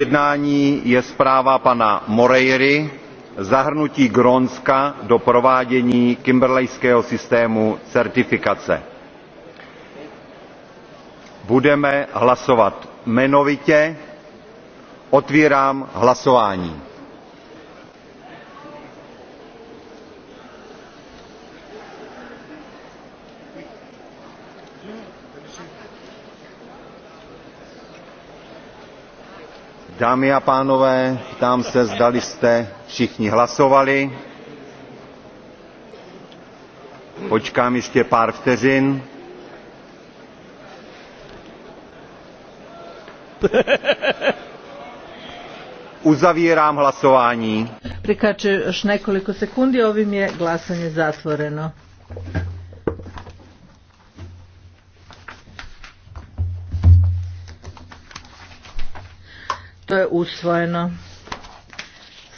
jednání je zpráva pana moreiry zahrnutí grónska do provádění kimberleyského systému certifikace. budeme hlasovat jmenovitě. otvírám hlasování. Dámy a pánové, tam se, zdali jste všichni hlasovali. Počkám ještě pár vteřin. uzavírám hlasování. Prikače još nekoliko sekundi, ovim je glasanje zatvoreno. je usvojeno.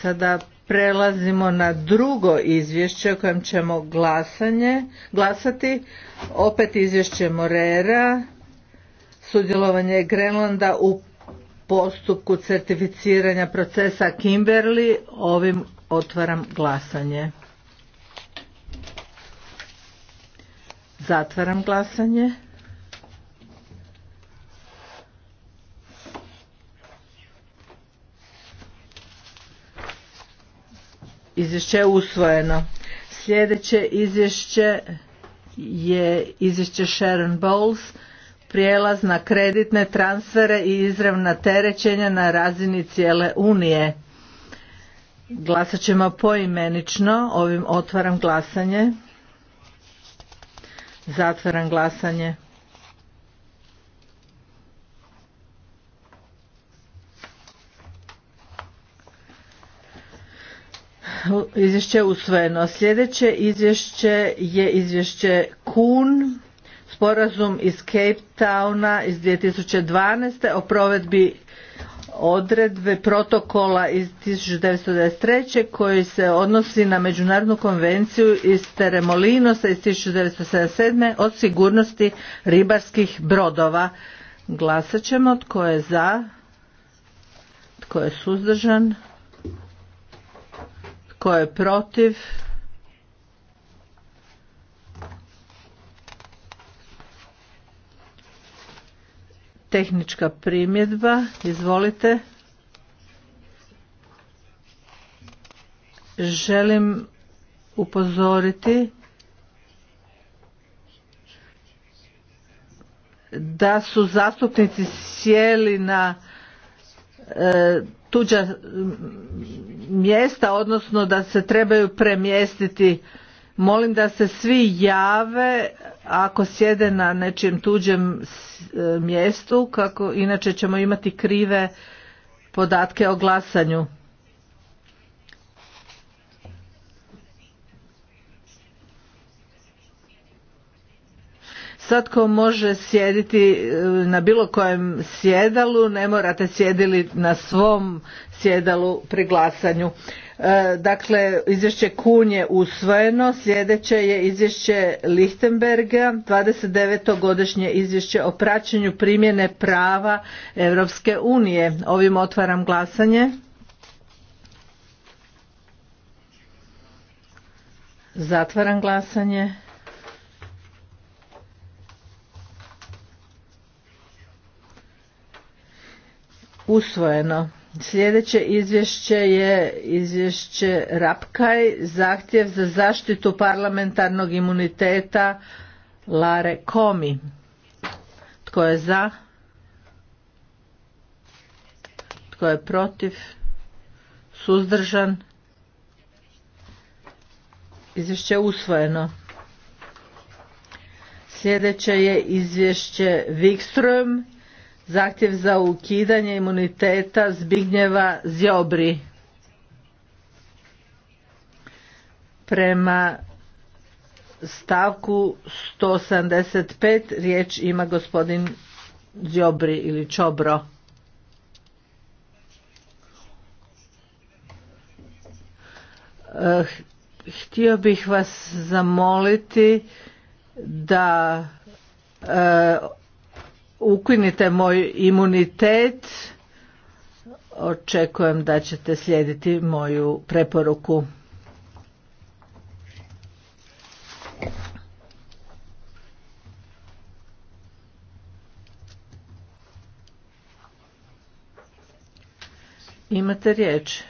Sada prelazimo na drugo izvješće o kojem ćemo glasanje, glasati. Opet izvješće Morera, sudjelovanje Grenlanda u postupku certificiranja procesa Kimberly. Ovim otvaram glasanje. Zatvaram glasanje. Izvješće je usvojeno. Sljedeće izvješće je izvješće Sharon Bowles prijelaz na kreditne transfere i izravna terećenja na razini cijele Unije. Glasat ćemo poimenično, ovim otvaram glasanje. Zatvaram glasanje. izvješće usvojeno. Sljedeće izvješće je izvješće KUN, sporazum iz Cape Towna iz 2012. o provedbi odredbe protokola iz 1993. koji se odnosi na Međunarodnu konvenciju iz Teremolinosa iz 1977. o sigurnosti ribarskih brodova. Glasat ćemo tko je za, tko je suzdržan. Tko je protiv? Tehnička primjedba, izvolite. Želim upozoriti da su zastupnici sjeli na E, tuđa mjesta odnosno da se trebaju premjestiti molim da se svi jave ako sjede na nečijem tuđem e, mjestu kako inače ćemo imati krive podatke o glasanju svatko može sjediti e, na bilo kojem sjedalu, ne morate sjedili na svom sjedalu pri glasanju. E, dakle, izvješće Kun je usvojeno, sljedeće je izvješće Lichtenberga, 29. godišnje izvješće o praćenju primjene prava Europske unije. Ovim otvaram glasanje. Zatvaram glasanje. usvojeno. Sljedeće izvješće je izvješće Rapkaj, zahtjev za zaštitu parlamentarnog imuniteta Lare Komi. Tko je za? Tko je protiv? Suzdržan? Izvješće je usvojeno. Sljedeće je izvješće Wikström zahtjev za ukidanje imuniteta Zbignjeva Zjobri. Prema stavku 175 riječ ima gospodin Zjobri ili Čobro. Eh, htio bih vas zamoliti da eh, ukinite moj imunitet očekujem da ćete slijediti moju preporuku imate riječ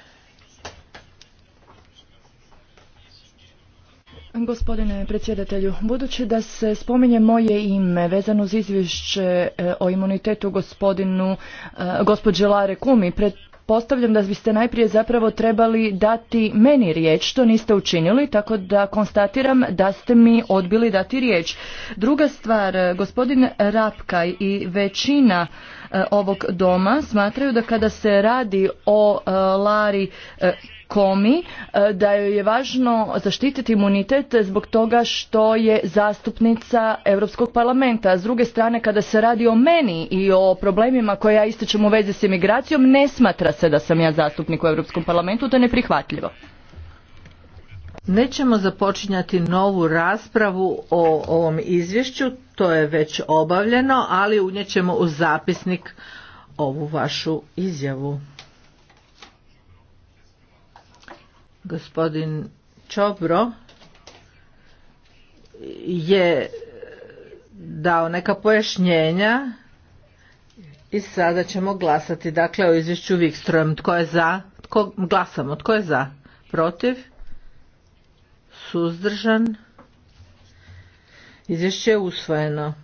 Gospodine predsjedatelju, budući da se spominje moje ime vezano uz izvješće e, o imunitetu gospodinu, e, gospođe Lare Kumi, pretpostavljam da biste najprije zapravo trebali dati meni riječ, što niste učinili, tako da konstatiram da ste mi odbili dati riječ. Druga stvar, e, gospodin Rapkaj i većina ovog doma smatraju da kada se radi o Lari Komi e, da joj je važno zaštititi imunitet zbog toga što je zastupnica Europskog parlamenta. S druge strane, kada se radi o meni i o problemima koje ja ističem u vezi s imigracijom, ne smatra se da sam ja zastupnik u Europskom parlamentu, to je neprihvatljivo. Nećemo započinjati novu raspravu o ovom izvješću, to je već obavljeno, ali unjećemo ćemo u zapisnik ovu vašu izjavu. Gospodin Čobro je dao neka pojašnjenja i sada ćemo glasati. Dakle, o izvješću Vikstrojem. Tko je za? Tko, glasamo. Tko je za? Protiv? Suzdržan? Izvješće je usvojeno.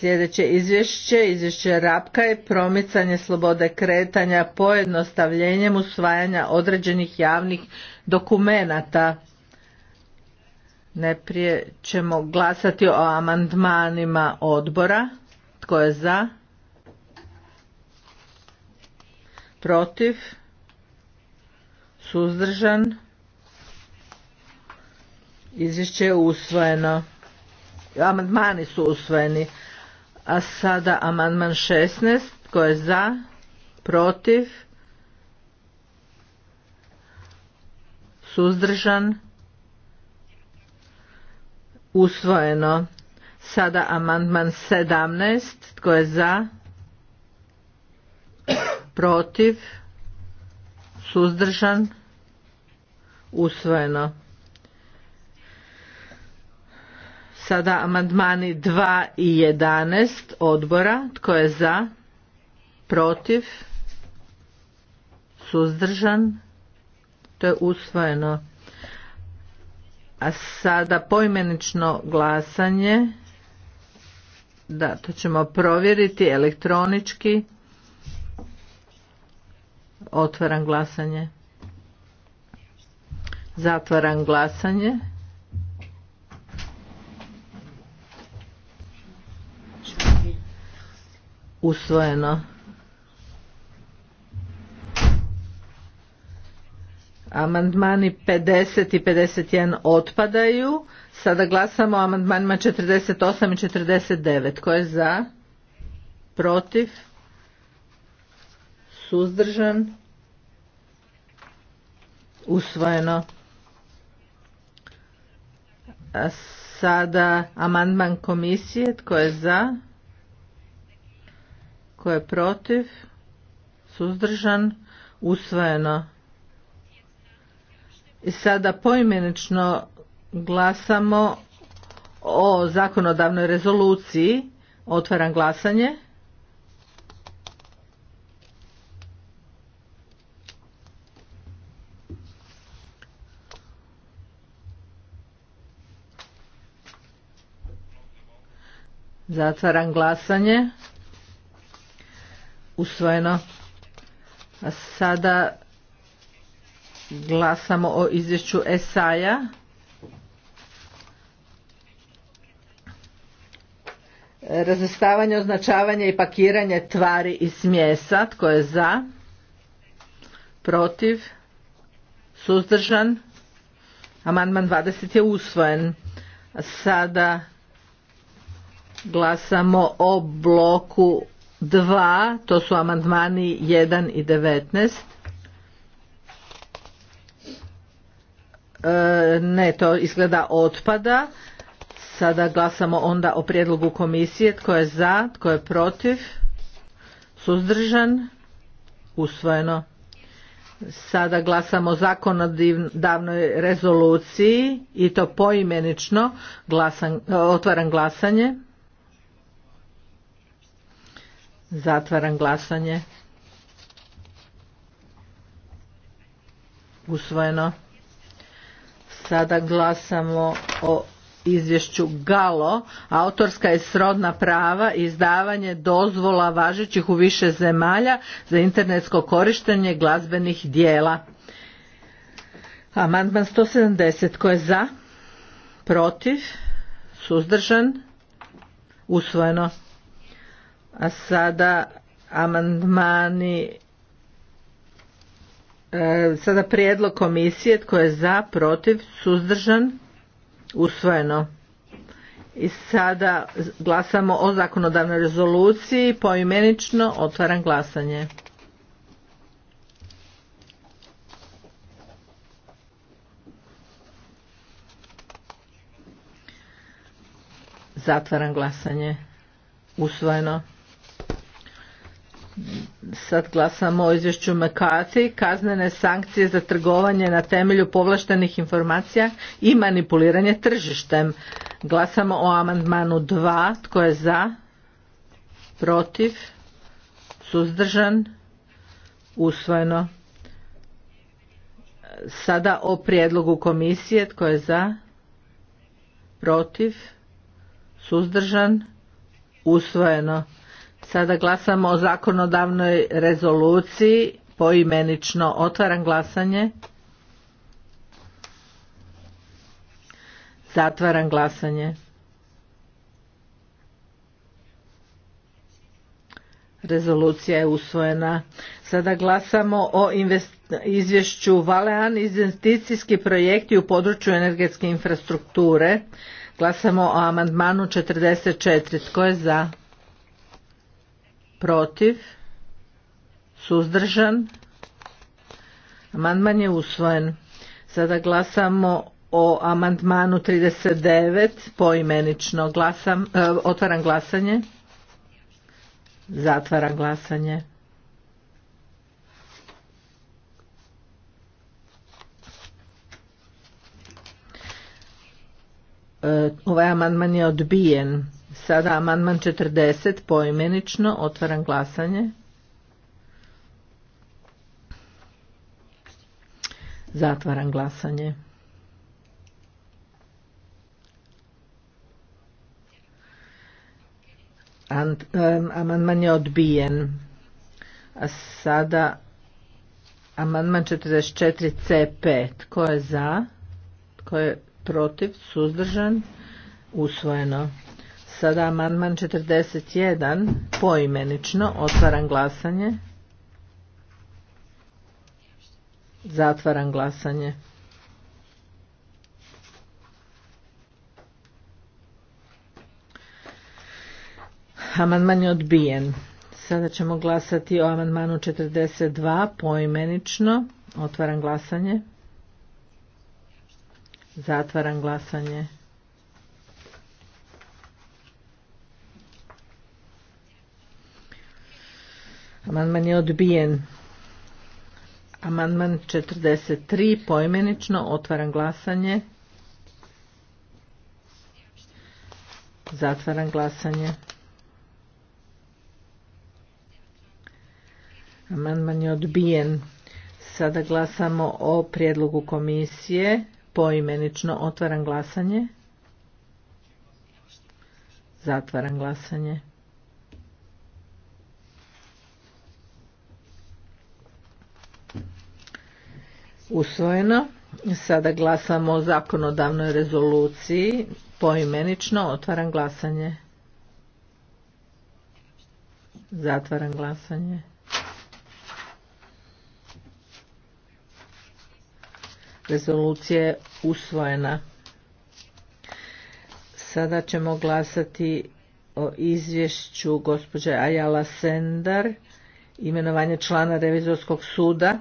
Sljedeće izvješće, izvješće Rapka je promicanje slobode kretanja pojednostavljenjem usvajanja određenih javnih dokumenata. Neprije ćemo glasati o amandmanima odbora. Tko je za? Protiv? Suzdržan? Izvješće je usvojeno. Amandmani su usvojeni. A sada amandman 16. Tko je za? Protiv? Suzdržan? Usvojeno. Sada amandman 17. Tko je za? Protiv? Suzdržan? Usvojeno. Sada amandmani 2 i 11 odbora. Tko je za? Protiv? Suzdržan? To je usvojeno. A sada poimenično glasanje. Da, to ćemo provjeriti elektronički. Otvaram glasanje. Zatvaram glasanje. usvojeno. Amandmani 50 i 51 otpadaju. Sada glasamo o amandmanima 48 i 49. Ko je za? Protiv? Suzdržan? Usvojeno. sada amandman komisije. Tko je za? Tko je protiv? Suzdržan? Usvojeno. I sada poimenično glasamo o zakonodavnoj rezoluciji. Otvaram glasanje. Zatvaram glasanje usvojeno. A sada glasamo o izvješću Esaja. Razvrstavanje, označavanje i pakiranje tvari i smjesa. Tko je za? Protiv? Suzdržan? Amandman 20 je usvojen. A sada glasamo o bloku dva, to su amandmani 1 i 19. E, ne, to izgleda otpada. Sada glasamo onda o prijedlogu komisije. Tko je za, tko je protiv? Suzdržan? Usvojeno. Sada glasamo o zakonodavnoj rezoluciji i to poimenično. otvaram glasanje. Zatvaram glasanje. Usvojeno. Sada glasamo o izvješću Galo, autorska je srodna prava izdavanje dozvola važećih u više zemalja za internetsko korištenje glazbenih dijela. Amandman 170 ko je za, protiv, suzdržan, usvojeno. A sada amandmani e, sada prijedlog komisije tko je za, protiv, suzdržan, usvojeno. I sada glasamo o zakonodavnoj rezoluciji, poimenično otvaram glasanje. Zatvaram glasanje. Usvojeno. Sad glasamo o izvješću McCarthy, kaznene sankcije za trgovanje na temelju povlaštenih informacija i manipuliranje tržištem. Glasamo o amandmanu 2, tko je za, protiv, suzdržan, usvojeno. Sada o prijedlogu komisije, tko je za, protiv, suzdržan, usvojeno. Sada glasamo o zakonodavnoj rezoluciji poimenično. Otvaram glasanje. Zatvaram glasanje. Rezolucija je usvojena. Sada glasamo o izvješću Valean investicijski projekti u području energetske infrastrukture. Glasamo o amandmanu 44. Tko je za? protiv, suzdržan, amandman je usvojen. Sada glasamo o amandmanu 39 poimenično. Glasam, e, otvaram glasanje. Zatvaram glasanje. E, ovaj amandman je odbijen. Sada amandman 40 poimenično otvaram glasanje. Zatvaram glasanje. Amandman je odbijen. A sada amandman 44 C5. Tko je za? Tko je protiv? Suzdržan? Usvojeno. Sada amandman 41 poimenično otvaram glasanje. Zatvaram glasanje. Amandman je odbijen. Sada ćemo glasati o amandmanu 42 poimenično. Otvaram glasanje. Zatvaram glasanje. Amandman je odbijen. Amandman 43 poimenično otvaram glasanje. Zatvaram glasanje. Amandman je odbijen. Sada glasamo o prijedlogu komisije. Poimenično otvaram glasanje. Zatvaram glasanje. usvojeno. Sada glasamo o zakonodavnoj rezoluciji. Poimenično otvaram glasanje. Zatvaram glasanje. Rezolucija je usvojena. Sada ćemo glasati o izvješću gospođe Ajala Sendar, imenovanje člana revizorskog suda.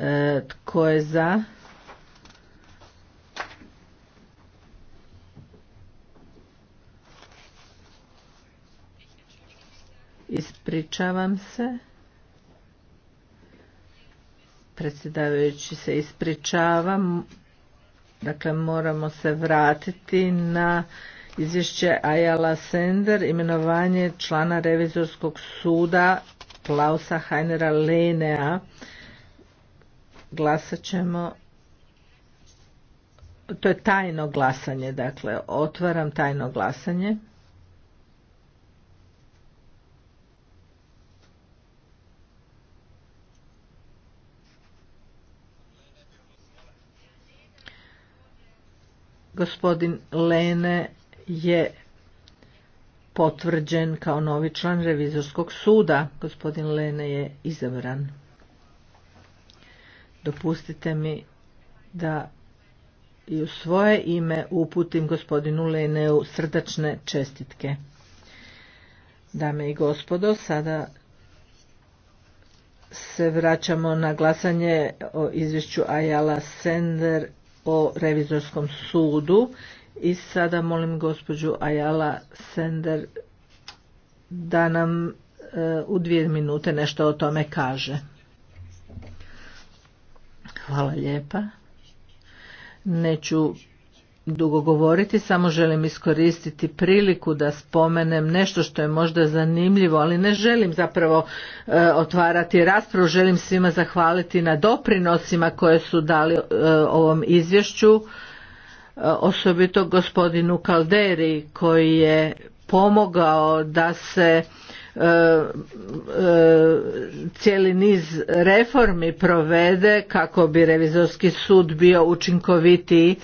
E, tko je za? Ispričavam se. Predsjedavajući se ispričavam. Dakle, moramo se vratiti na izvješće Ajala Sender, imenovanje člana revizorskog suda Klausa Heinera Lenea. Glasat ćemo to je tajno glasanje, dakle otvaram tajno glasanje. Gospodin Lene je potvrđen kao novi član revizorskog suda. Gospodin Lene je izabran. Dopustite mi da i u svoje ime uputim gospodinu Leneu srdačne čestitke. Dame i gospodo, sada se vraćamo na glasanje o izvješću Ajala Sender o revizorskom sudu i sada molim gospođu Ajala Sender da nam e, u dvije minute nešto o tome kaže. Hvala lijepa. Neću dugo govoriti, samo želim iskoristiti priliku da spomenem nešto što je možda zanimljivo, ali ne želim zapravo e, otvarati raspravu, želim svima zahvaliti na doprinosima koje su dali e, ovom izvješću, e, osobito gospodinu Kalderi koji je pomogao da se E, e, cijeli niz reformi provede kako bi revizorski sud bio učinkovitiji e,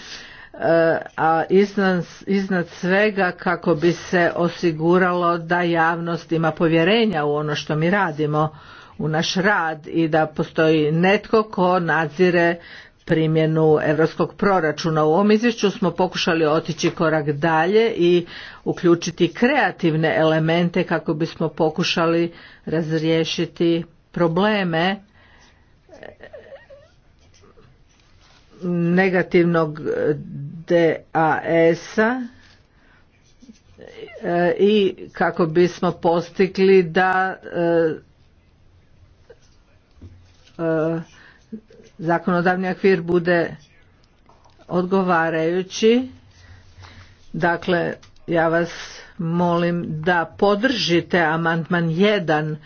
a iznad, iznad svega kako bi se osiguralo da javnost ima povjerenja u ono što mi radimo u naš rad i da postoji netko ko nadzire primjenu europskog proračuna. U ovom izvješću smo pokušali otići korak dalje i uključiti kreativne elemente kako bismo pokušali razriješiti probleme negativnog DAS-a e, i kako bismo postigli da e, e, zakonodavni akvir bude odgovarajući. Dakle, ja vas molim da podržite amandman 1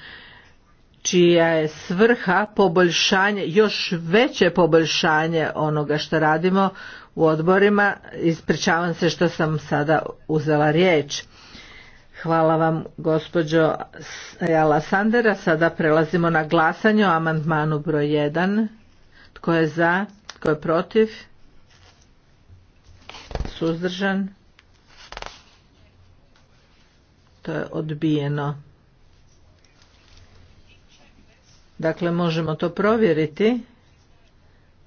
čija je svrha poboljšanje, još veće poboljšanje onoga što radimo u odborima. Ispričavam se što sam sada uzela riječ. Hvala vam gospođo Jala Sandera. Sada prelazimo na glasanje o amandmanu broj 1. Tko je za? Tko je protiv? Suzdržan? To je odbijeno. Dakle, možemo to provjeriti.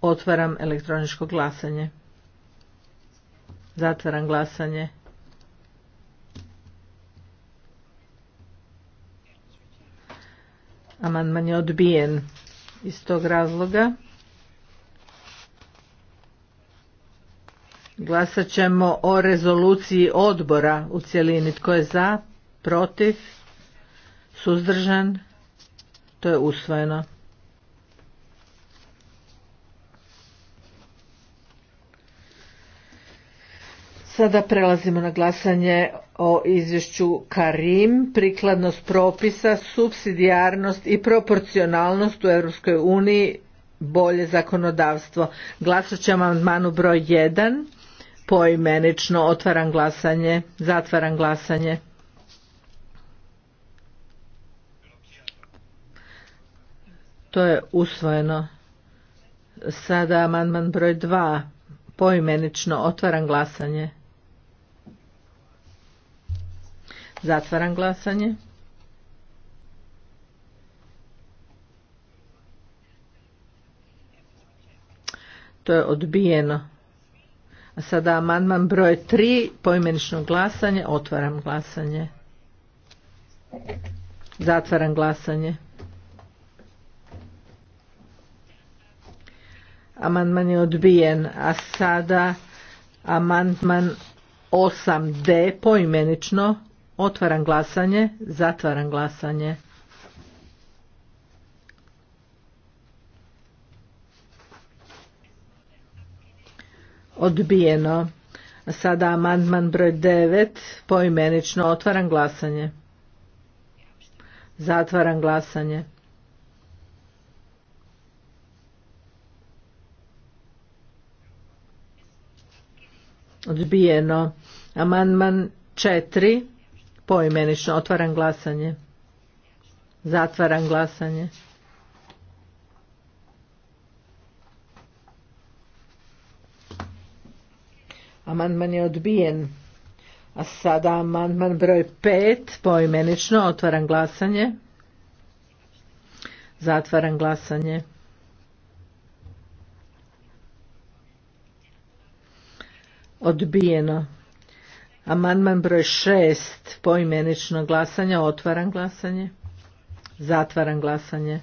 Otvaram elektroničko glasanje. Zatvaram glasanje. Amandman je odbijen iz tog razloga. Glasat ćemo o rezoluciji odbora u cjelini. Tko je za, protiv, suzdržan? To je usvojeno. Sada prelazimo na glasanje o izvješću Karim, prikladnost propisa, subsidijarnost i proporcionalnost u Europskoj uniji, bolje zakonodavstvo. Glasat ćemo amandmanu broj 1 poimenično otvaram glasanje zatvaram glasanje to je usvojeno sada amandman broj 2 poimenično otvaram glasanje zatvaram glasanje to je odbijeno a sada amandman broj 3, poimenično glasanje, otvaram glasanje. Zatvaram glasanje. Amandman je odbijen, a sada amandman 8D poimenično, otvaram glasanje, zatvaram glasanje. odbijeno. Sada amandman broj 9, poimenično otvaram glasanje. Zatvaram glasanje. Odbijeno. Amandman 4, poimenično otvaram glasanje. Zatvaram glasanje. Amandman je odbijen. A sada amandman broj pet poimenično, otvaram glasanje. Zatvaram glasanje. Odbijeno. Amandman broj šest poimenično glasanje, otvaram glasanje. Zatvaram glasanje.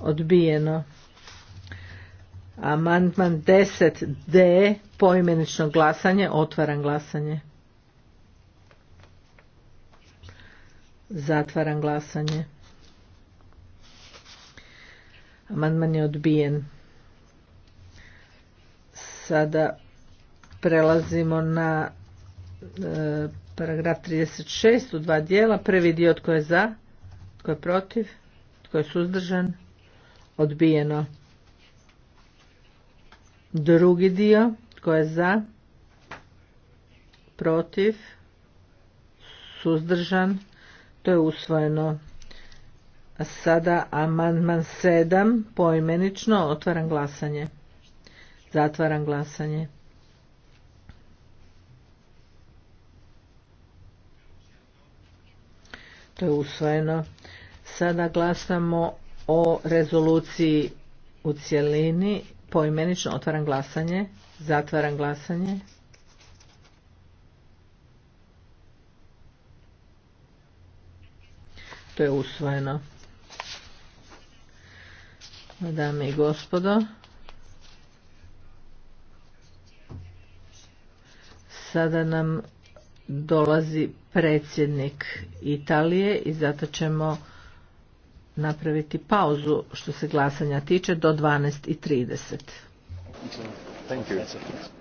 Odbijeno. Amandman 10D, poimenično glasanje, otvaram glasanje. Zatvaram glasanje. Amandman je odbijen. Sada prelazimo na e, paragraf 36 u dva dijela. Prvi dio tko je za, tko je protiv, tko je suzdržan, odbijeno. Drugi dio, tko je za? Protiv? Suzdržan? To je usvojeno. A sada amandman 7, poimenično, otvaram glasanje. Zatvaram glasanje. To je usvojeno. Sada glasamo o rezoluciji u cjelini poimenično otvaram glasanje, zatvaram glasanje. To je usvojeno. Dame i gospodo, sada nam dolazi predsjednik Italije i zato ćemo napraviti pauzu što se glasanja tiče do 12.30. Thank you.